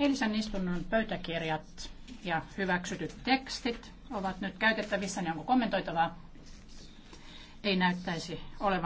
Eilisen istunnon pöytäkirjat ja hyväksytyt tekstit ovat nyt käytettävissä. Ne onko kommentoitavaa? Ei näyttäisi olevan.